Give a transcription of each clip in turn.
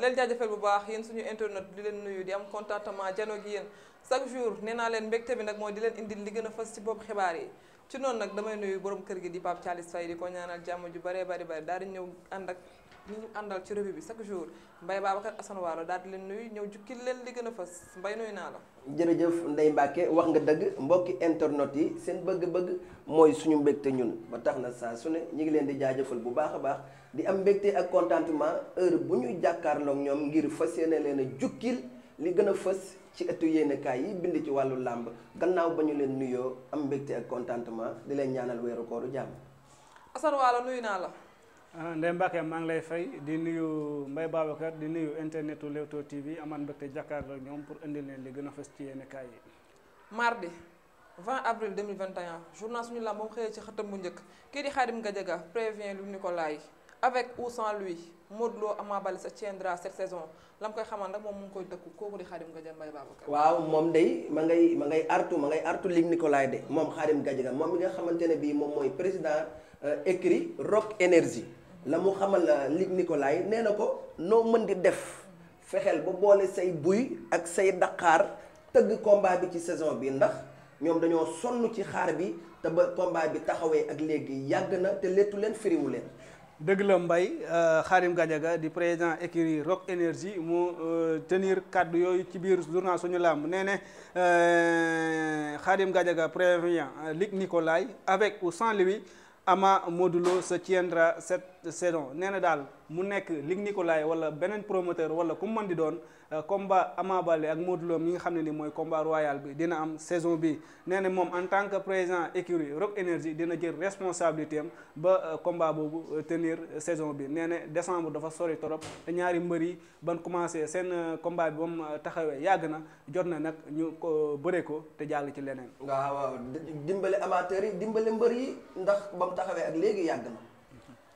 naa di leen bu baax yéen suñu internet di leen nuyu di am contentement jano gi yéen chaque jour nee naa leen mbégte bi nag mooy di leen indi li gën a fas ci bopp xibaar yi ci noonu nag damay nuyu borom kër gi di Pape caalis Faye di ko ñaanal jàmm ju baree bari bari daal di ñëw ànd ak ñi ñu àndal ci revue bi chaque jour Mbaye Babacar Assane Waalo daal di leen nuyu ñëw jukkil leen li gën a fës Mbaye nuyu naa jërëjëf Ndeye Mbacke wax nga dëgg mbokki internet yi seen bëgg-bëgg mooy suñu mbégte ñun ba tax na saa su ne ñu ngi leen di jaajëfal bu baax a baax di am mbégte ak contentement heure bu ñu jàkkaarloog ñoom ngir fas yéene leen a jukkil li gën a fës. ci ëttu yéenekaay yi bind ci wàllu làmb gannaaw ba ñu leen nuyoo am mbégte ak di leen ñaanal weeru kooru jàmm. nuyu naa la. Ah, Ndeye Mbacke maa ngi lay fay di nuyu Mbaye Babacar di nuyu internetu Leewtoo TV amaat mbégte jàkkaarloo ñoom pour indil leen li gën a fës ci yenn kaay yi. mardi 20 avril 2021 journal suñu lamb moom xëyee ci xëtam bu njëkk kii di Khadim Gadiaga prévient Luc Nicolaï avec ou sans lui Modou Lo Ama Baldé se tiendra cette saison la koy xamal nag moom mu ngi koy dëkku kooku di Khadim Gadiaga Mbaye Babacar. waaw moom day ma ngay ma ngay artu ma ngay artu Luc Nicolaï de moom Khadim Gadiaga moom mi nga xamante ne bii moom mooy président euh, écrit Rock la mu xamal Luc Nicolaï nee na ko noo mën di def fexeel ba boole say buy ak say daqaar tëgg combat bi ci saison bi ndax ñoom dañoo sonn ci xaar bi te ba combat bi taxawee ak léegi yàgg na te léttu leen firiwu leen. dëgg la Mbaye euh, Khadim Gadiaga di président écurie Rock Énergie mu euh, tenir kàddu yooyu ci biir journal suñu làmb nee ne euh, Khadim Gadiaga prévient Luc Nicolaï avec ou sans lui. Ama Modou sa se tiendra cette saison nee na daal mu nekk Luc Nicolaï wala beneen promoteur wala ku man di doon Euh, combat Ama Baldé ak Modou Lo mi nga xam ne ni mooy combat royal bi dina am saison bi nee na moom en tant que président écurie Rock Énergie dina jël responsabilité ba euh, combat boobu euh, tenir saison bi nee na décembre dafa sori torop te ñaari mbër yi ban commencé seen combat bi ba mu taxawee yàgg na jot na nag ñu ko bëre ko te jàll ci leneen. waaw waaw dimbale amateurs yi dimbale mbër yi ndax ba mu taxawee ak léegi yàgg na.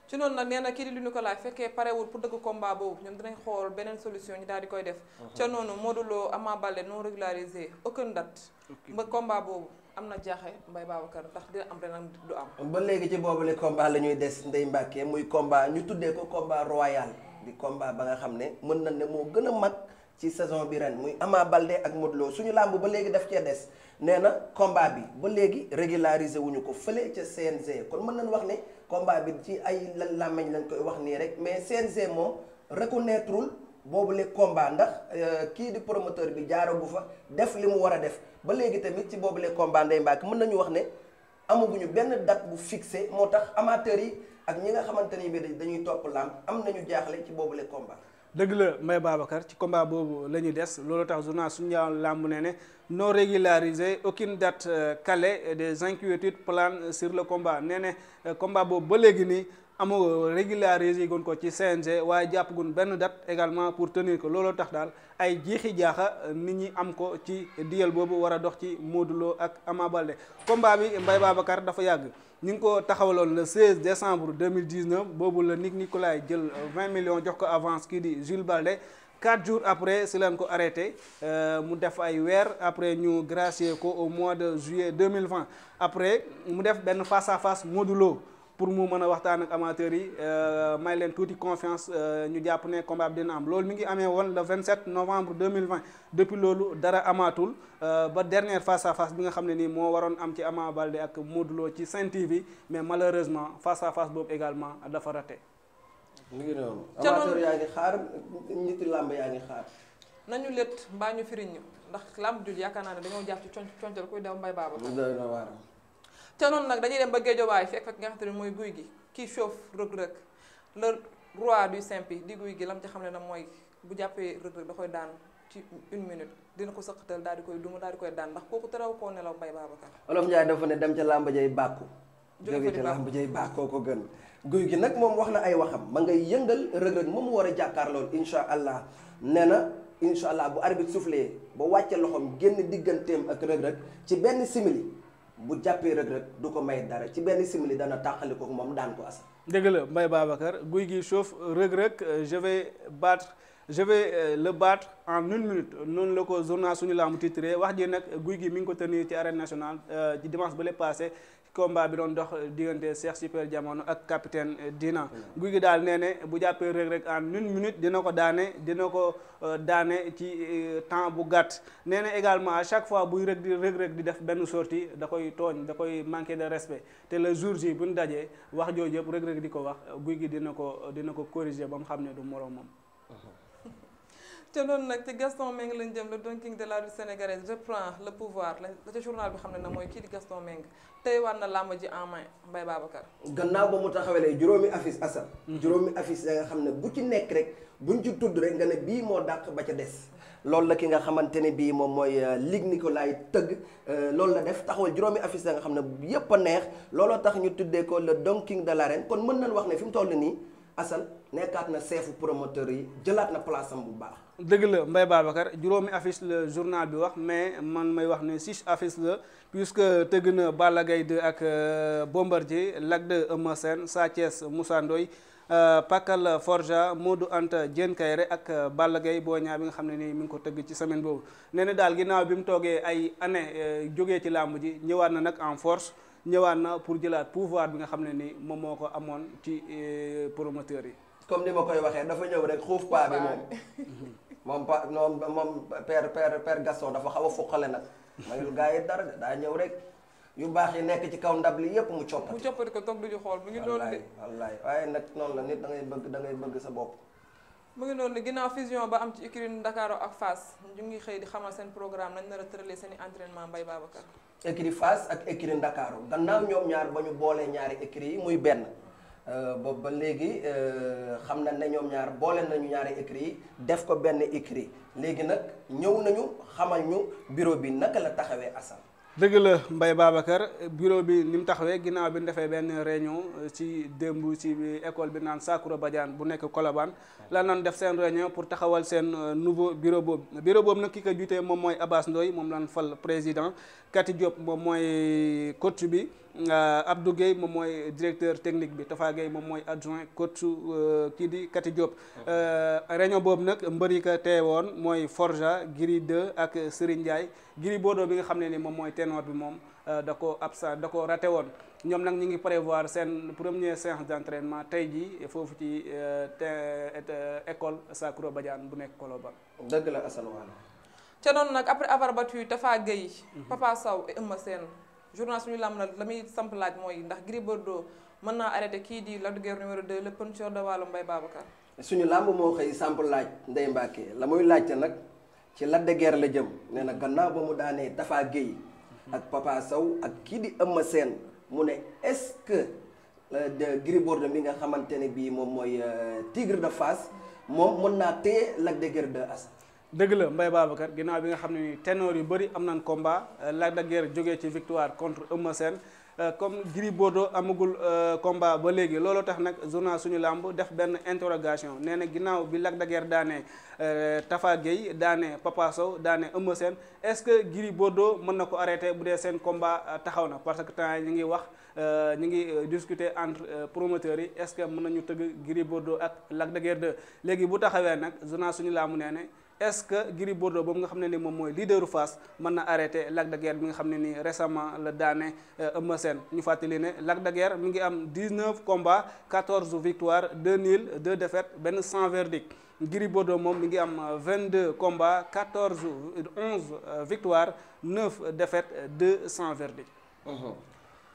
ci noonu nag nee na kii di Luc Nicolaï fekkee parewul pour dëgg combat boobu ñoom dinañ xool beneen solution ñu daal di koy def uh-huh. ca noonu Modou Lo Ama Baldé non régularisé aucune date ba combat boobu am na jaaxe Mbaye Babacar ndax dina am ren du am ba léegi ci boobu le la ñuy des Ndeye muy combat ñu tuddee ko combat royal di combat ba nga xam ne mën nañ ne moo gën a mag ci saison bi ren muy Ama Baldé ak Modou Lo suñu làmb ba léegi daf cee des nee na combat bi ba léegi régularisé wuñu ko fële ca CNG kon mën nañ wax ne combat bi ci ay lan làmmiñ lañ koy wax nii rek mais CNG moom reconnaîtreul boobu le combat ndax euh, kii di promoteur bi jaaragu fa def li mu war a def ba léegi tamit ci boobu le combat Ndeye Mbacke mën nañu wax ne amaguñu benn date bu fixé moo tax amateurs yi ak ñi nga xamante ni bi dañuy topp làmb am na nañu jaaxle ci boobu le combat. dëgg la Mbaye Babacar ci combat boobu la ñuy des loolu tax journal suñu ñaaw làmb ne ne non régularisé aucune date euh, calée des inquiétudes planent sur le combat nee ne euh, combat boobu ba léegi nii amoo régulariser gun ko ci CNG waaye jàpp gun benn date également pour tenir ko looloo tax daal ay jiixi jaaxa nit ñi am ko ci diyal boobu war a dox ci Modou ak amaa Baldé combat bi Mbaye Babacar dafa yàgg ñu ngi ko taxawaloon le 16 décembre 2019 boobu la Nick Nicolai jël 20 millions jox ko avance kii di Jules Baldé quatre jours après si leen ko arrêté euh, mu def ay weer après ñu gracier ko au mois de juillet 2020 après mu def benn face à face Modou pour mu mën a waxtaan ak amateurs yi euh, may leen tuuti confiance euh, ñu jàpp ne combat bi dina am loolu mi ngi amee woon le 27 novembre 2020 depuis loolu dara amaatul euh, ba dernière face à bi nga xam ne nii moo waroon am ci Ama Baldé ak Modou Lo ci Sen TV mais malheureusement face à face boobu également dafa raté. mu ngi noonu amateur yaa ngi xaar ñitti làmb yaa ngi xaar. nañu létt mbaa ñu firiñ ndax làmb jul yaakaar naa ne dañoo jàpp ci conc concal kuy daw mbay baaba. ca noonu nag dañuy dem ba géejowaay fekk fekk nga xam ne mooy guy gi kii chauffe rëg-rëg le roi du simpi di guy gi lam ci xam ne nag mooy bu jàppee rëg-rëg da koy daan ci une minute dina ko sëqatal daal di koy duma daal di koy daan ndax kooku teraw koo nelaw Mbaye Babacar olof Njaay dafa dem ca làmba jay bàkku jóge ca làmba jay bàkkoo ko gën guy gi nag moom wax na ay waxam ma ngay yëngal rëg-rëg mu war a jàkkaar lool incha allah nee na incha allah bu arbitre soufflé ba wàccee loxoom génn digganteem ak rëg-rëg ci benn simili bu jàppee Reug Reug du ko may dara ci benn simili dana tàqali ko moom daan ko asa dëgg la Mbaye Babacar guy gi chauffe Reug Reug euh, je vais battre je euh, le baat en une minute noonu la ko journal suñu laamu titré wax ji nag guy gi mi ngi ko tenir ci arène nationale euh, ci dimanche ba le passé combat bi doon dox diggante Cheikh Super Diamono ak capitaine Dina guy gi daal nee ne bu jàppee Reug Reug en une minute dina ko daane dina ko euh, daane ci temps bu gàtt nee na également à chaque fois buy rëg di Reug di def benn sortie da koy tooñ da koy manquer de respect te le jour ji bu dajee wax jooju yëpp Reug Reug di ko wax guy gi dina ko dina ko corriger ba mu xam ne du moroomam te loolu nag ci Gaston Mbengue lañ jëm le Don de la lutte sénégalaise reprend le pouvoir la ca journal bi xam ne na mooy kii di Gaston Mbengue tey war na làmb ji en main Mbaye Babacar gannaaw ba mu taxawalee juróomi affiche asal juróomi affiche ya nga xam ne bu ci nekk rek buñ ci tudd rek nga ne bii moo dàq ba ca des loolu la ki nga xamante ne bii moom mooy euh, Ligue Nicolas tëgg euh, loolu la def taxawal juróomi affice ya nga xam ne yépp a neex looloo tax ñu tuddee ko le Don King de kon mën nañ wax ne fi mu toll nii asal nekkaat na seefu promoteur yi jëlaat na place bu baax dëgg la Mbaye Babacar juróomi affiche la journal bi wax mais man may wax ne six affiche la puisque tëgg na Balla Gaye 2 ak euh, Bombardier Lac 2 Eumeu Sène Sa Thiès Moussa Ndoye euh, Pakal Forja Modou Anta Diène Kairé ak euh, Balla Gaye boo ñaa bi nga xam ne nii mu ngi ko tëgg ci semaine boobu nee na daal ginnaaw bi mu toogee ay année jógee ci làmb ji ñëwaat na nag en force ñëwaat na pour jëlaat pouvoir bi nga xam ne nii moom moo ko amoon ci promoteurs yi. comme ni ma koy waxee dafa ñëw rek xuuf moom pa moom moom père per père Gaston dafa xaw a fuqale nag mayul gars yi dara daa ñëw rek yu baax yi nekk ci kaw ndab li yépp mu coppati mu coppati ko toog duñu xool mu ngi noonu de wallaay waaye nag noonu la nit da ngay bëgg da bëgg sa bopp mu ngi noonu ginnaaw fusion ba am ci écurie Ndakaaru ak fas ñu ngi xëy di xamal seen programme lañ nar a tëralee seen i bay Mbaye Babacar écurie Fass ak écurie Ndakaaru gannaaw ñoom ñaar ba ñu boolee ñaari écurie yi muy benn Euh, boobu ba léegi euh, xam nañ ne ñoom ñaar boole nañu ñaari écrit yi def ko benn écrit léegi nag ñëw nañu xamal ñu bureau bi naka la taxawee Assane. dëgg la mbay Babacar bureau bi ni mu taxawee ginnaaw bi ñu defee benn réunion euh, ci démb ci école bi naan Sakura Badiane bu nekk Colobane la naan def seen réunion pour taxawal seen nouveau bureau boobu bureau boobu nag ki ko jiitee moom mooy Abass Ndoye moom lan fal président Kati Diop moom mooy coach bi. Euh, Abdou Gueye moom mooy directeur technique bi Tafa Gueye moom mooy adjoint coach euh, kii di Kati Diop. Euh, réunion boobu nag mbër yi ko teewoon mooy Forja Giri 2 ak Serigne Ndiaye Giri Bodo bi nga xam ne ni moom mooy ténor bi moom da ko absent da ko woon. ñoom nag ñu ngi prévoir seen première séance d' entraînement tey jii foofu ci te école Sakura Badiane bu nekk Koloban. dëgg la Assane Waane. ca noonu nag après avoir battu Tafa Gueye. Mhm. Papa Sow et Eumeu Sène journal suñu lamb nag la muy samp laaj mooy ndax Gris Bordeaux mën naa arrêté kii di la de Guiers numéro 2 le puncheur de Waalo Mbaye Babacar suñu làmb moo xëy samp laaj Ndeye Mbacke la muy laajte nag ci la deger la jëm nee na gannaaw ba mu daanee dafaa Gueye ak Papa saw ak kii di Eumeu Sène mu ne est-ce que euh, de Bordeaux mi nga xamante ne bii moom mooy euh, Tigre de Fass moom mën naa téye Lac de Guiers 2 dëgg la Mbaye Babacar ginnaaw bi nga xam ne ni ténor yu bëri am nañ combat euh, Lac de Guiers ci victoire contre Eumeu Sène euh, comme Gris Bordeaux amagul euh, combat ba léegi loolu tax nag journal suñu làmb def benn interrogation nee na ginnaaw bi Lac de Guiers daane Tafa Gueye daane Papa Sow daane Eumeu est-ce que Gris Bordeaux mën na ko arrêter bu dee seen combat taxaw na parce que temps ñu ngi wax ñu ngi discuter entre promoteurs yi est-ce que mën nañu tëgg Gris ak Lac de Guiers bu taxawee nag journal suñu làmb nee ne est-ce que Gris Bordeaux boobu nga xam ne ni moom mooy leaderu Fass mën na arrêté Lac de bi nga xam ne nii récemment la daane euh, Eumeu Sène ñu fàttali ne Lac de mi ngi am 19 combats 14 victoires 2 nuls 2 défaites benn sans verdict Gris Bordeaux moom mi ngi am 22 combats 14 11 euh, victoires 9 défaites 2 sans verdict.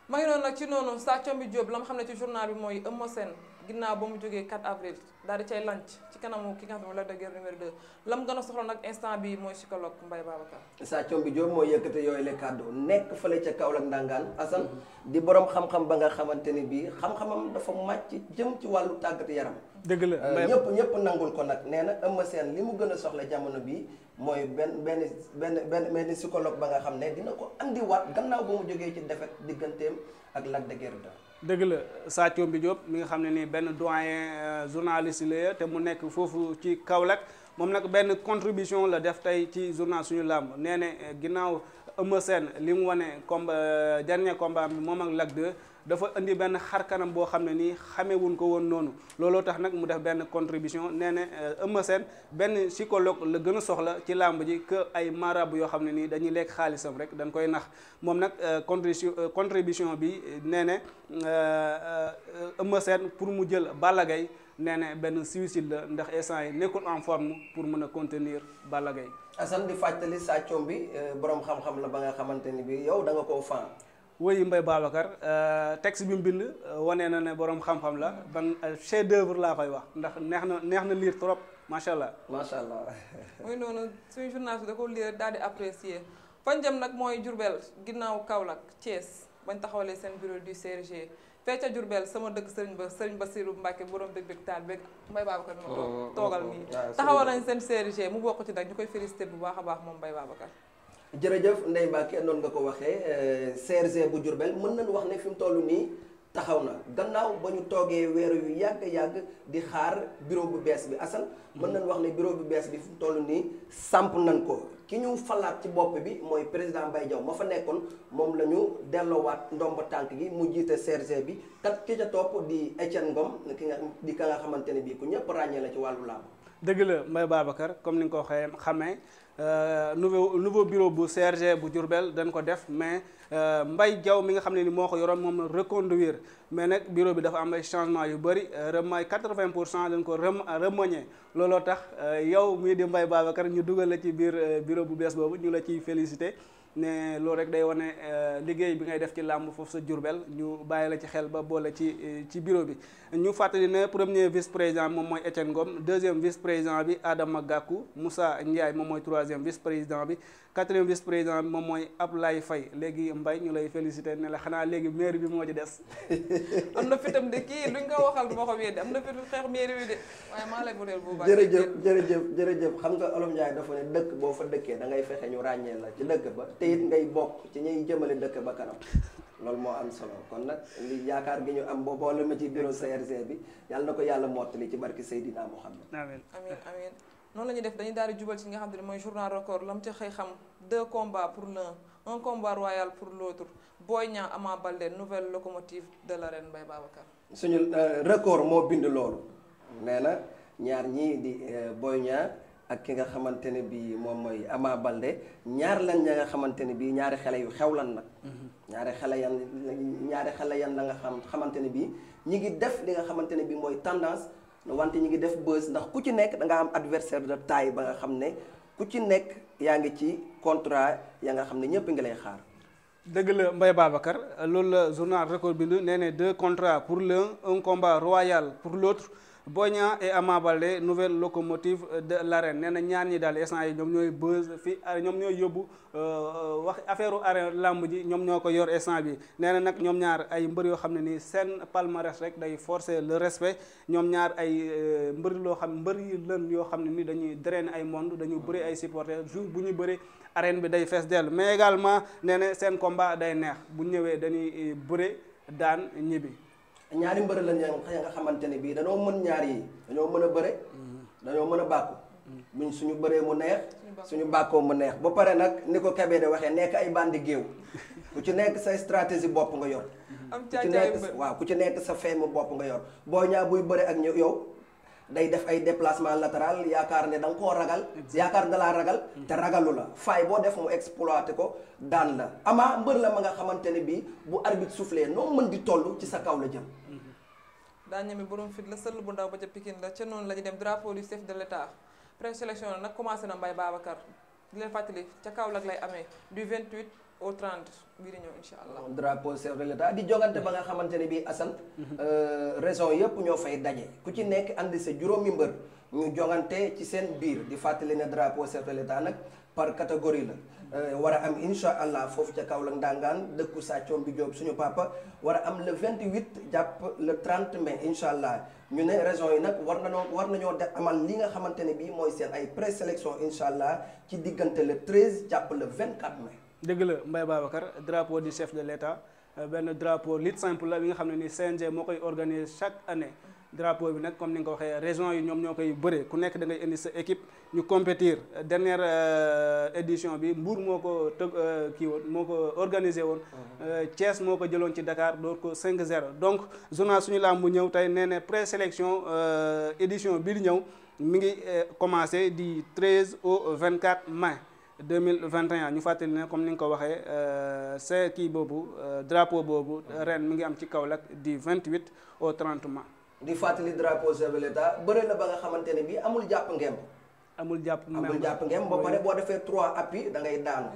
ma ngi noonu nag ci noonu Sa Thiambi Diop la nga xam ne ci journal bi mooy Eumeu Sène. ginnaaw ba mu jógee 4 avril daal di cay lanc ci kanamu ki nga xam ne Lac de Guiers numéro 2 lam gën a soxla nag instant bi mooy psychologue Mbaye Babacar saa bi Diop moo yëkkate yooyu le kàddu nekk fële ca Kaolack ndangaan mm-hmm. di borom xam ba nga xamante ni bii xam-xamam dafa màcc jëm ci wàllu tàggat yaram dëgg la euh, ñëpp ñëpp nangul ko nag nee na Eumeu Sène li mu gën a soxla jamono bi mooy benn benn benn benn benn psychologue ba nga xam ne dina ko andiwaat gannaaw ba mu jógee ci defet digganteem ak Lac de dëgg la Sadio Mbi Diop mi nga xam ne nii benn doyen euh, journaliste la te mu nekk foofu ci Kaolack moom nag benn contribution la def tey ci journal suñu làmb nee ne euh, ginnaaw Eumeu Sène li mu wane combat euh, dernier combat bi moom ak Lac dafa indi benn xar kanam boo xam ne nii xamewuñ ko woon noonu looloo tax nag mu def benn contribution nee na euh, Eumeu Sène benn psychologue la gën a soxla ci làmb ji que ay marabu yoo xam ne nii dañuy lekk xaalisam rek danga koy nax moom nag euh, euh, contribution bi nee na Eumeu pour mu jël Balla Gaye nee na benn suicide la ndax instant yi nekkul en forme pour mën a contenir Balla Gaye Assane di fàttali sàccoom bi borom xam-xam la ba nga xamante ni bi yow da koo faan woyu mbay Babacar euh, texte bi mbind euh, wane na ne borom xam-xam la ban euh, chef d'œuvre laa koy wax ndax neex na neex na liir trop macha allah. macha allah. mooy noonu suñu journal bi da ko lire daal di apprécier fañ jëm nag mooy Diourbel ginnaaw Kaolack Thiès bañ taxawalee seen biro du CRG. fecca Diourbel sama dëkk sëriñ ba sëriñ Bassirou Mbacke borom bëgg bëgg taal beeg Mbaye Babacar ma oh, oh, oh, toogal nii taxawal nañ seen CRG mu bokk ci nag ñu koy félicité bu baax baax moom Mbaye Babacar jërëjëf Ndeye ki noonu nga ko waxee euh, CRG bu Diourbel mën nañu wax ne fi mu toll nii taxaw na gannaaw ba ñu toogee weer yu yàgg yàgg di xaar bureau bu bees bi Assane mën hmm. nañu wax ne bureau bu bees bi fi mu toll nii samp nañ ko ki ñu falaat ci bopp bi mooy président bay Diaw ma fa nekkoon moom la ñu delloowaat ndomba tànk gi mu jiite CRG bi kat ki ca topp di Etienne Ngom ki nga di ka nga xamante ne bii ku ñëpp ràññee la ci wàllu làmb. dëgg la Mbaye Babacar comme ni nga ko waxee xamee. Euh, nouveau nouveau bureau bu CRG bu Diourbel dañ ko def mais Euh, mbay Diaw mi nga xam ne ni moo ko yoroon moom reconduire mais nag bureau bi dafa am ay changement yu bëri remaay 80 pour cent dañ ko rem remanié looloo tax euh, yow muy di Mbaye Babacar ñu dugal la ci biir euh, bureau bu bees boobu ñu la ciy félicité ne loolu rek day wane liggéey bi ngay def ci làmb foofu sa Jurbel ñu bàyyi la ci xel ba boole ci ci bureau bi ñu fàttali ne premier vice président moom mooy Etienne Ngom deuxième vice président bi Adama Gakou Moussa Ndiaye moom mooy troisième vice président bi quatrième vice président bi moom mooy Ablaye Faye léegi mbay ñu lay félicité ne la xanaa léegi maire bi moo ci des am na fitam de kii luñ ko waxal boo xam yéen am na fit xeex maire bi de waaye maa lay voteel bu baax xam nga Olof Njaay dafa ne dëkk boo fa dëkkee da ngay fexe ñu ràññee la ci dëkk ba te it ngay bokk ci ñuy jëmale dëkk ba kanam loolu moo am solo kon nag yaakaar gi ñu am boo boole ma ci bureau CRG bi yàlla na ko yàlla mottali ci barki Seydina Mouhamed amiin amiin amiin noonu la ñuy def dañuy daal di jubal ci nga xam ne mooy journal record la mu ci xëy un combat royal pour l'autre Boy Niang Ama Baldé nouvelle locomotive de l'arène bay Babacar suñu euh, record moo bind loolu nee na ñaar ñi di euh, Boy Niang ak ki nga xamante ne bii moom mooy Ama Baldé ñaar lan ña nga xamante ne bii ñaari xale yu xew lan nag mm-hmm. ñaari xale yan ñaari xale yan la nga xam xamante ne bii ñi ngi def li nga xamante ne bii mooy tendance wante ñi ngi def buzz ndax ku ci nekk da nga am adversaire de taille ba nga xam ne ku ci nekk yaa ngi ci contrat yaa nga xam ne ñëpp ngi lay xaar. dëgg la Mbaye Babacar loolu la journal record bi nee ne deux contrats pour l'un un combat royal pour l'autre Boy Niang et Ama Baldé nouvelle locomotive de l'arène nee na ñaar ñi daal instant yi ñoom ñooy buzz fi ñoom ñooy yóbbu euh, euh, wax affaire arène làmb ji ñoom ñoo ko yor instant bi nee na nag ñoom ñaar ay mbër yoo xam ne ni seen palmarès rek day forcer le respect ñoom ñaar ay euh, mbër loo xam mbër yi lën yoo xam ne ni dañuy drainer ay monde dañu bëri ay supporters jour bu ñu bëri arène bi day fees dell mais également nee na seen combat day neex bu ñëwee dañuy bëre daan ñibbi ñaari mbër la ña nga xamante ne bii dañoo mën ñaar yi dañoo mën a bëre dañoo mën a bàkku buñ suñu bëree mu neex suñu bàkkoo mu neex ba pare nag ni ko Kébé de waxee nekk ay bandi géew ku ci nekk sa stratégie bopp nga yor ku ci nekk waaw ku ci nekk sa feemu bopp nga yor boo ñaar buy bëre ak yow day def ay déplacement latéral yaakaar ne da koo ragal. yaakaar da laa ragal. Mm-hmm. te ragalu la faay boo def mu exploité ko daan la ama mbër la ma nga xamante ne bii bu arbitre soufflé noo mën di toll ci sa kaw la jëm. Mm-hmm. daa ñeme borom fit la sëll bu ndaw ba ca Pikine la ca noonu la ñu dem drapeau du chef de l' état présélection nag commencé na Mbaye Babacar di leen fàttali ca kaw Kaolack lay amee du 28. au 30 bii di allah. drapeau chef de l'état di jogante ba nga xamante ne bii Assane. Mhm. Euh, raison yëpp ñoo fay daje ku ci nekk andi sa juróomi mbër ñu jogante ci seen biir di fàttali na drapeau chef de l'état nag par catégorie la. Euh, war a am incha allah foofu ca la Ndangaan dëkku Saccom bi Diop suñu papa war a am le 28 jàpp le 30 mai incha allah ñu ne raison yi nag war nañoo war nañoo def amal li nga xamante ne bii mooy seen ay présélection incha allah ci diggante le 13 jàpp le 24 mai. dëgg la Mbaye Babacar drapeau du chef de l' état euh, benn drapeau lutte simple la bi nga xam ne ni CNG moo koy organiser chaque année drapeau bi nag comme ni nga ko waxee région yi ñoom ñoo koy bëree ku nekk dangay indi sa équipe ñu compétir euh, dernière euh, édition bi mbuur moo ko tëg kii woon moo ko organisé woon mhm. Thiès moo ko jëloon ci Dakar door ko cinq zero donc journal suñu làmb bu ñëw tey nee na présélection édition bii di ñëw mu ngi commencé di 13 au 24 mai deux mille vingt et un ñu fàttali ne comme ni nga ko waxee euh, sa kii boobu euh, drapeau boobu ren mi ngi am ci Kaolack di vingt huit au trente mai. di fàttali drapeau chef de l'État bëri na ba nga xamante ne bii amul jàpp ngemb. amul jàpp ngemb amul jàpp ngemb ba pare boo defee trois appuis da ngay daanu.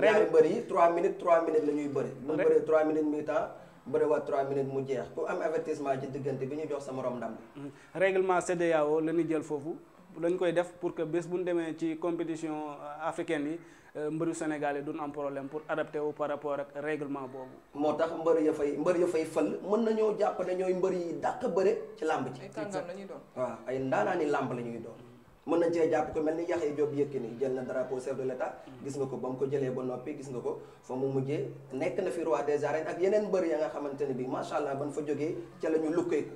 ñaari mbër trois minutes trois minutes la ñuy bëri. bu ñu bëree trois minutes mi temps. bëriwaat 3 minutes mu jeex ku am avertissement ci diggante bi ñu jox sa morom ndam. Mm-hmm. règlement la ñu jël foofu lañu koy def pour que bés bu ñu demee ci compétition euh, africaine yi euh, mbëru Sénégal yi duñ am problème pour adapté wu par rapport ak règlement boobu. moo tax mbër ya fay mbër ya fay fël mën nañoo jàpp ñooy mbër yi dàq bëre ci làmb ji. ay la ñuy doon waaw ay ndaanaani làmb la ñuy doon. mën nañ cee jàpp ko mel ni Yaxya Diop Yékini jël na drapeau chef de l'état gis nga ko ba mu ko jëlee ba noppi gis nga ko fa mu mujjee nekk na fi roi des arènes ak yeneen mbër ya nga xamante ne bii macha allah ban fa jógee ca la ñu lukkeeku.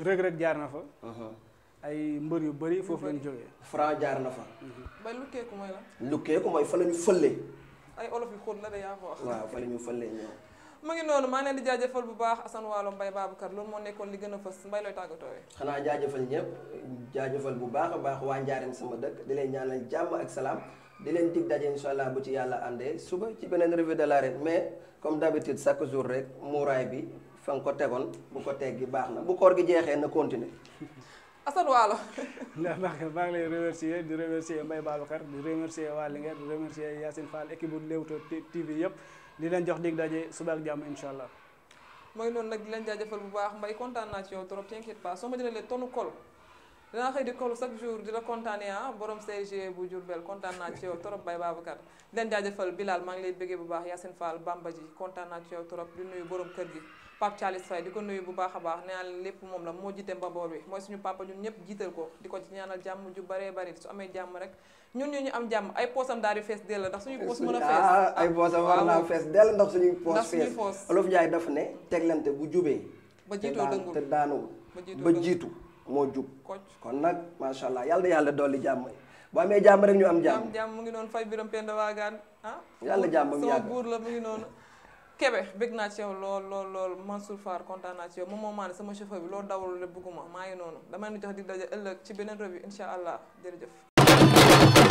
rëg jaar na fa. Uh-huh. ay mbër yu bëri foofu lañ jógee. Franc jaar na fa. mais lukkeeku mooy la. lukkeeku mooy fa lañu ñu ay olof yu xóot la de yaa ko wax. waaw fa la ñu fëlee ñoom. mu ngi noonu maa ngi leen di jaajëfal bu baax Assane mbay Mbaye Babacar loolu moo nekkoon li gën a fës mbay looy tàggatoo xanaa jaajëfal ñëpp jaajëfal bu baax a baax waa Njaareem sama dëkk di leen ñaanal jàmm ak salaam di leen dig daje incha allah bu ci yàlla àndee suba ci beneen revue de l'arène mais comme d'habitude chaque jour rek muuraay bi fa ko tegoon bu ko teggi baax na bu koor gi jeexee na continuer Assane Waalo ndax maa ngi lay remercier di remercier Mbaye Babacar di remercier waa Linguère di remercier Yacine Fall équipe bu Leewtoo TV yëpp di leen jox dig daje suba ak jàmm incha allah. mooy noonu nag di leen jaajëfal bu baax mbay kontaan naa ci yow trop t'inquiète pas soo ma jëlee tonu kol dinaa xëy chaque jour di la kontaanee ah borom CG bu Diourbel kontaan naa ci yow trop Mbaye Babacar di leen jaajëfal Bilal maa ngi lay bëggee bu baax Yacine Fall Bamba ji kontaan naa ci yow trop di nuyu borom kër gi. Pape Thialis Faye di ko nuyu bu baax a baax nee naa lépp moom la moo jiite mbaboor bi mooy suñu papa ñun ñëpp jiital ko di ko ci ñaanal jàmm ju baree bari su amee jàmm rek ñun ñu ñu jàmm ay poosam daal di dell a fees ay ah, poosam war naa fees dell ndax suñuy poos fees Olof Njaay dafa ne teglante bu jubee ba jiitoo dëngul te daanuwul ba jiitu moo jub kon nag macha allah yàlla yàlla dolli jàmm boo amee jàmm rek ñu am jàmm jàmm mu ngi noonu fay biram pend waagaan ah yàlla jàmm sama buur la mu ngi noonu kebe bëgg naa ci yow lool lool lool Mansour Fall kontaan naa ci yow moom moo sama chauffeur bi loolu dawul la bëgguma maa ngi noonu dama leen di jox dig daje ëllëg ci beneen bi incha allah jërëjëf